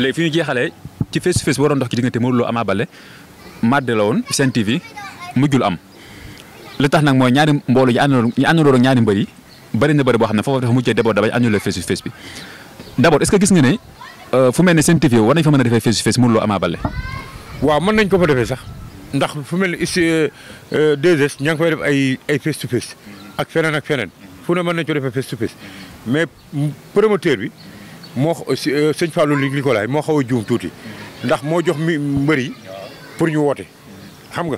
léegi fi ñu jeexalee ci face to face boo doon dox ci diggante Modou Lo Ama Baldé mardi la woon Sen TV mujjul am li tax nag mooy ñaari mbooloo ñu àndandoo ñu àndandoo ak ñaari mbër yi bëri na bëri boo xam ne foofu dafa mujjee d'abord dafay annulé face to face bi d'abord est-ce gis ne euh, fu mel ne Sen war nañ fa mën a defee face to face Modou Lo Ama waaw mën nañ ko fa defee sax ndax fu mel ni iss 2S ña ngi koy def ay ay face to face ak feneen ak feneen fu ne mën nañ ko defee face to face mais promoteur bi. moo euh, sëñ Fallou Nicolaï moo xaw a juum tuuti ndax moo jox mi mbër yi pour ñu woote xam nga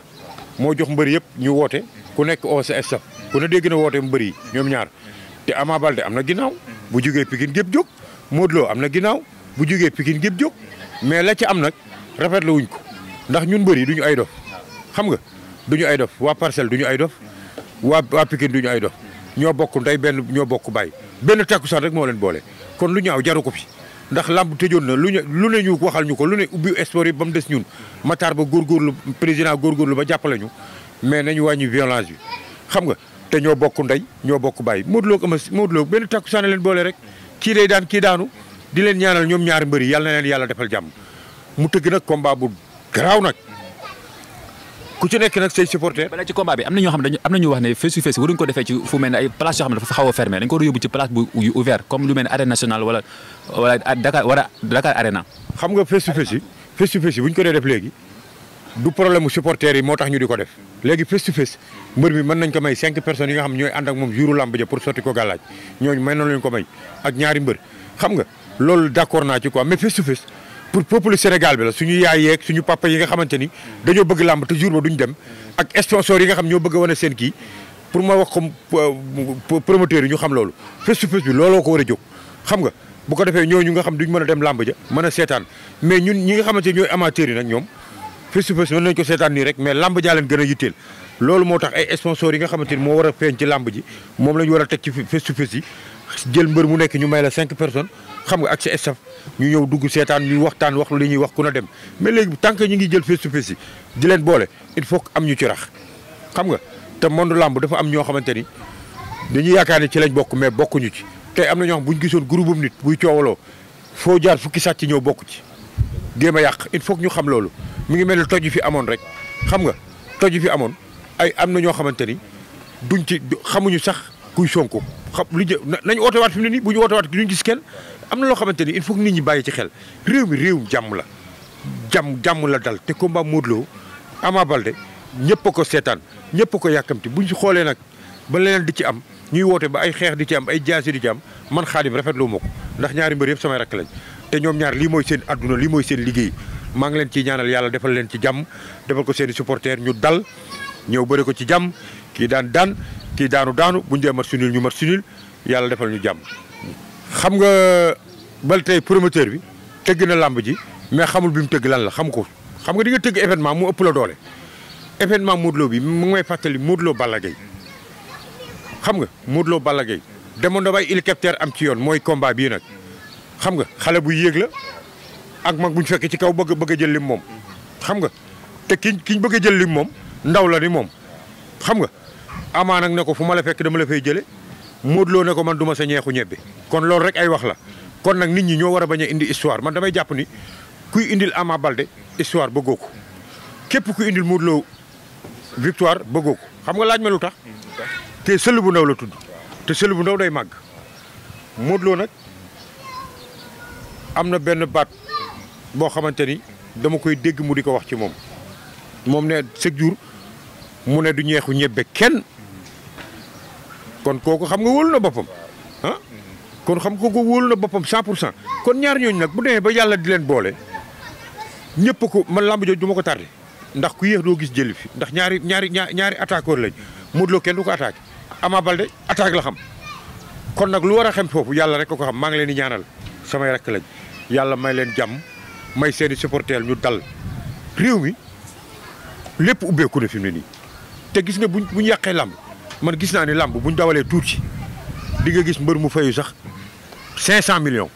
moo jox mbëri yëpp ñu woote ku nekk OCS ku ne dégg na woote mbëri yi ñoom ñaar te Ama Baldé am na ginnaaw bu jugee Pikine gépp jóg Modou Lo am na ginnaaw bu jugee Pikine gépp jóg mais la ci am nag rafetlu wuñ ko ndax ñun mbër yi du ñu ay dof xam nga du ñu ay dof waa parcelle du ñu ay dof waa waa du ñu ay dof ñoo bokk ndey benn ñoo bokk baay benn takkusaan rek moo leen boole kon lu ñaaw jaru ko fi ndax làmb tëjoon na lu ñu lu ne ñu waxal ñu ko lu ne ubbi sport yi ba mu des ñun Matar ba góorgóorlu président góorgóorlu ba jàppale ñu mais nañu wàññi violence bi xam nga te ñoo bokk ndey ñoo bokk bàyyi Modou Lo ak Ama Modou Lo benn takkusaan leen boole rek kii day daan kii daanu di leen ñaanal ñoom ñaari mbër yi yàlla na leen yàlla defal jàmm mu tëgg nag combat bu garaaw nag ku ci nekk nag say supporter bala ci combat bi am na am ñu wax ne face to face waruñu ko defee ci fu mel ne yoo xam ne dafa nga face to face yi face to face yi bu ñu ko dee def léegi du problème supporter yi moo tax ñu di ko def léegi face to face mbër bi mën nañ ko may cinq personnes yi nga xam ñooy ànd ak moom juru làmb ja pour sotti ko gàllaaj ñooñu may noonu lañ ko may ak ñaari mbër xam nga loolu d'accord naa ci quoi mais face to face pour peuple Sénégal bi la suñu yaay yeeg ñu papa yi nga xamante ni dañoo bëgg làmb te jour ba duñ dem ak sponsor yi nga xam ñoo bëgg a seen kii pour ma wax comme euh, yi ñu xam loolu face to looloo ko war a jóg xam nga bu ko defee ñooñu nga xam duñ mën a dem làmb ja mën a seetaan mais ñun ñi nga xamante ñooy yi nag ñoom face to face mën ko seetaan nii rek mais làmb jaa leen gën a moo tax ay sponsors nga xamante ni moo war a feeñ ci làmb ji moom la ñu war a teg ci face to yi jël mbër mu nekk ñu may la cinq personnes xam nga ak sa staff ñu ñëw dugg seetaan ñu waxtaan wax li ñuy wax ku na dem mais léegi tant que ñu ngi jël face to yi di leen boole il faut que am ñu ci rax xam nga te monde làmb dafa am ñoo xamante ni dañuy yaakaar ne ci lañ bokk mais bokkuñu ci tey am na bu ñu gisoon groupe nit buy coowaloo foo jaar fukki sàcc ñëw bokk ci géem a yàq il faut ñu xam loolu mi ngi mel ni toj fi amoon rek xam nga toj fi amoon ay am na ñoo xamante ni duñ ci xamuñu sax kuy Sonko xam lu jë nañ oote waat fi mu ne nii bu ñu oote waat duñu gis kenn am na loo xamante ni il faut que nit ñi bàyyi ci xel réew mi réew jàmm la jàmm jàmm la dal te combat Modou Lo Ama Baldé ñëpp a ko seetaan ñëpp a ko yàkkamti buñ si xoolee nag ba leneen di ci am ñuy woote ba ay xeex di ci am ay jaasi di ci am man Xaadim rafetlu ma ko ndax ñaari mbër yëpp samay rakk lañ te ñoom ñaar lii mooy seen adduna lii mooy seen liggéey maa ngi leen ciy ñaanal yàlla defal leen ci jàmm defal ko seen i supporters ñu dal ñëw bëri ko ci jàmm kii daanu daanu buñ dee mat si ñu mat si yàlla defal ñu jàmm. xam nga bal tey promoteur bi tëgg na làmb ji mais xamul bi mu tëgg lan la xam ko xam nga di nga tëgg événement mu ëpp la doole. événement Modou Lo bi mu ngi fàttali Modou Lo Balla Gaye xam nga Modou Lo Balla Gaye demoon na bay hélicoptère am ci yoon mooy combat bii nag xam nga xale bu yéeg la ak mag bu ñu fekkee ci kaw bëgg bëgg a jël lim moom. xam nga te ki ki bëgg a jël lim moom ndaw la ni moom xam nga Ama nag ne ko fu ma la fekk dama la fay jële Modou ne ko man du ma sa ñeexu ñebbe kon loolu rek ay wax la kon nag nit ñi ñoo war a bañ indi histoire man damay jàpp ni kuy indil Ama balde histoire bëggoo ko képp ku indil Modou Lo victoire bëggoo ko xam nga laaj ma lu tax mm-hmm. te sël bu ndaw la tudd te sëlu bu ndaw day màgg Modou nag am na benn baat boo xamante ni dama koy dégg mu di ko wax ci moom moom ne chaque jour mu ne du ñeexu ñebbe kenn kon kooku xam nga wóolu na boppam ah kon xam kooku wóolu na boppam 100 pour cent kon ñaar ñooñu nag bu demee ba yàlla di leen boole ñëpp ko man làmb jooju du ma ko tardé ndax ku yéex doo gis jëli fi ndax ñaari ñaari ñaari attaqueur lañ Modou Lo kenn du ko attaqué Ama Baldé attaque la xam kon nag lu war a xam foofu yàlla rek ko xam maa ngi leen di ñaanal samay rakk lañ yàlla may leen jàmm may seeni supporter ñu dal réew mi lépp ubbeeku na fi mu ne nii te gis nga buñ buñ yàqee làmb man gis naa ni làmb bu ñu dawalee tuuti di nga gis mbër mu fayu sax 500 millions.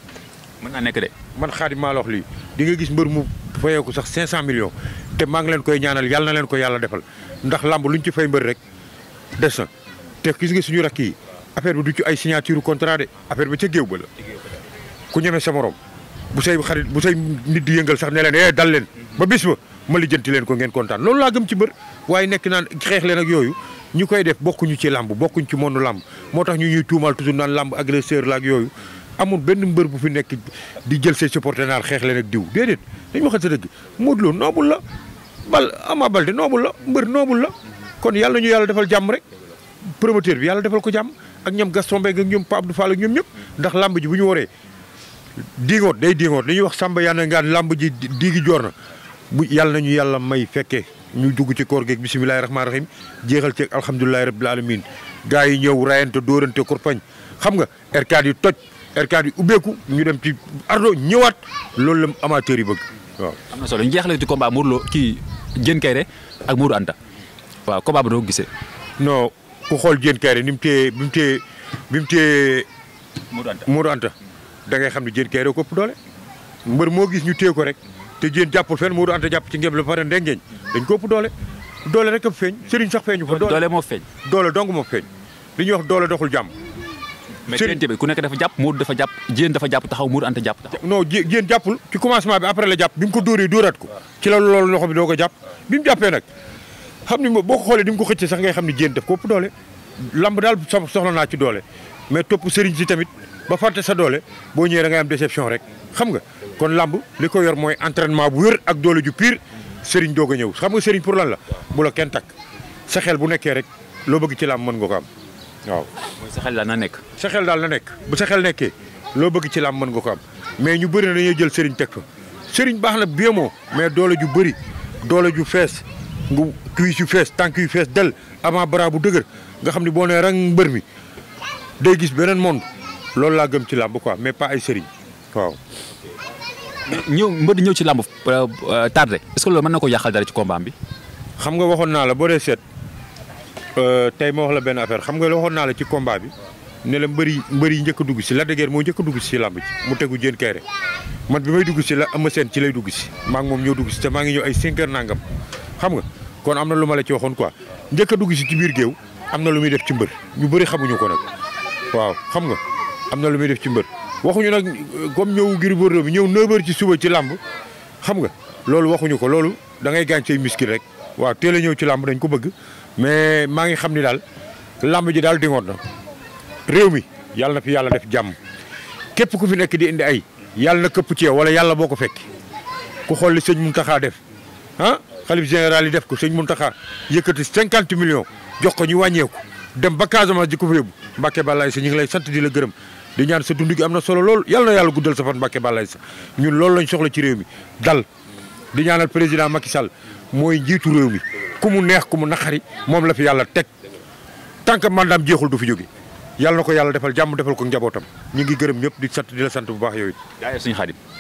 mën naa nekk de. man Xaadim maa lii di nga gis mbër mu fayeeku sax 500 millions te maa ngi leen koy ñaanal yàlla na leen ko yàlla defal ndax làmb luñ ci fay mbër rek des na te gis nga suñu rakk yi affaire bi du ci ay signature contrat de affaire bi ca géew ba la ku ñeme sa morom bu say xarit bu say nit di yëngal sax ne leen eh, dal leen ba bis ba ma lijjanti leen ko ngeen kontaan loolu laa gëm ci mbër waaye nekk naan xeex leen ak yooyu. ñu koy def bokkuñu ci làmb bokkuñ ci monde làmb moo tax ñu ñuy tuumal toujours naan làmb agresseur la ak yooyu amul benn mbër bu fi nekk di jël say supporter naar xeex leen ak diw déedéet dañ sa dëgg Modou Lo noobul la bal Ama Baldé noobul la mbër noobul la kon yàlla nañu yàlla defal jàmm rek bi yàlla defal ko jàmm ak ñoom Gaston Mbengue ak ñoom Pape Abdou Fall ak ñëpp ndax làmb ji bu ñu waree dingoot day dingoot li ñuy wax Samba yaa na ngaan làmb ji digi joor na bu yàlla nañu yàlla may fekke ñu dugg ci koor geeg bisimilahi rahmaani rahim jeexal ceeg alhamdulilahi rabil alamin gars yi ñëw rayante dóorante kurpañ xam nga R4 yi toj r yi ubbeeku ñu dem ci ardo ñëwaat loolu la amateur yi bëgg waaw. na solo ñu jeexale ci combat Modou Lo kii Diène Kaïré ak Modou Anta waaw combat doo gisee. non ku xool Diène Kaïré ni mu téye bi mu téye bi mu téye. Modou Anta dangay xam ne Diène Kaïré ko ëpp doole mbër moo gis ñu téye ko rek. te jéen jàppul fenn Modou Anta jàpp ci ngeen la pare ndengeeñ dañ ko ëpp doole doole rek a feeñ sëriñ sax feeñu fa doole moo feeñ doole wax doole doxul jàmm mais diggante bi ku nekk dafa jàpp Modou dafa jàpp jéen dafa jàpp taxaw Modou Anta jàpp taxaw non jéen jàppul ci commencement après la jàpp bi ko dóoree dóoraat ko ci la loolu loxo ko jàpp jàppee nag xam ne boo xoolee ni mu ko xëccee sax ngay xam ne jéen def ko ëpp doole lamb daal soxla naa ci doole mais topp sëriñ si tamit ba fàtte sa doole boo ñëwee da ngay am déception rek xam nga kon làmb li ko yor mooy entraînement bu wér ak doole ju piir sëriñ doog a ñëw xam nga sëriñ pour lan la bu kenn takk sa bu nekkee rek loo bëgg ci làmb mën nga ko am waaw. mooy sa na nekk. sa xel daal na nekk bu sa xel nekkee loo bëgg ci làmb mën nga ko am mais ñu bëri na dañuy jël sëriñ teg fa sëriñ baax na béemoo mais doole ju bëri doole ju fees ngu cuisse yu fees tànk yu fees del avant bras bu dëgër nga xam ne boo nee rang mbër mi. day gis beneen monde loolu laa gëm ci làmb quoi mais pas ay sëriñ waaw. ñëw mbër di ñëw ci làmb euh, tardé est-ce que loolu mën na ko yàqal dara ci kombaam bi. xam nga waxoon naa la boo dee seet euh, tey ma wax la benn affaire xam nga waxoon naa la ci combat bi ne la mbër yi mbër yi njëkk dugg si la de moo njëkk a dugg si làmb ci mu tegu Diène Kaïré man bi may dugg si la ama Sène ci lay dugg si maa ngi moom ñoo dugg si te maa ngi ñëw ay 5 heures nangam xam nga kon am na lu ma la ci waxoon quoi njëkk dugg si ci biir géew am na lu muy def ci mbër ñu bëri xamuñu ko nag waaw xam nga am na lu muy def ci mbër waxuñu nag comme ñëw Gris Bordeaux bi ñëw 9h ci suba ci làmb xam nga loolu waxuñu ko loolu da ngay gaañ say miskil rek waaw teel a ñëw ci làmb dañ ko bëgg mais maa ngi xam ni daal làmb ji daal dingoon na réew mi yàlla na fi yàlla def jàmm képp ku fi nekk di indi ay yàlla na këpp ci yow wala yàlla boo ko fekk ku xool li sëñ Mountakha def ah xalif général yi def ko sëñ Mountakha yëkkati 50 millions jox ko ñu wàññeeku dem ba Casamance di ko fa Mbacke Balaye sax ñu ngi lay sant di la gërëm di ñaan sa dund gi am na solo lool yal na yàlla guddal sa fan Mbacke Balaye sa ñun loolu lañ soxla ci réew mi dal di ñaanal président Macky sal mooy njiitu réew mi ku mu neex ku mu naqari moom la fi yàlla teg tant que mandaam jeexul du fi jóge yàlla na ko yàlla defal jàmm defal ko njabootam ñu ngi gërëm ñëpp di sant di la sant bu baax yooyu. jaayee suñu xarit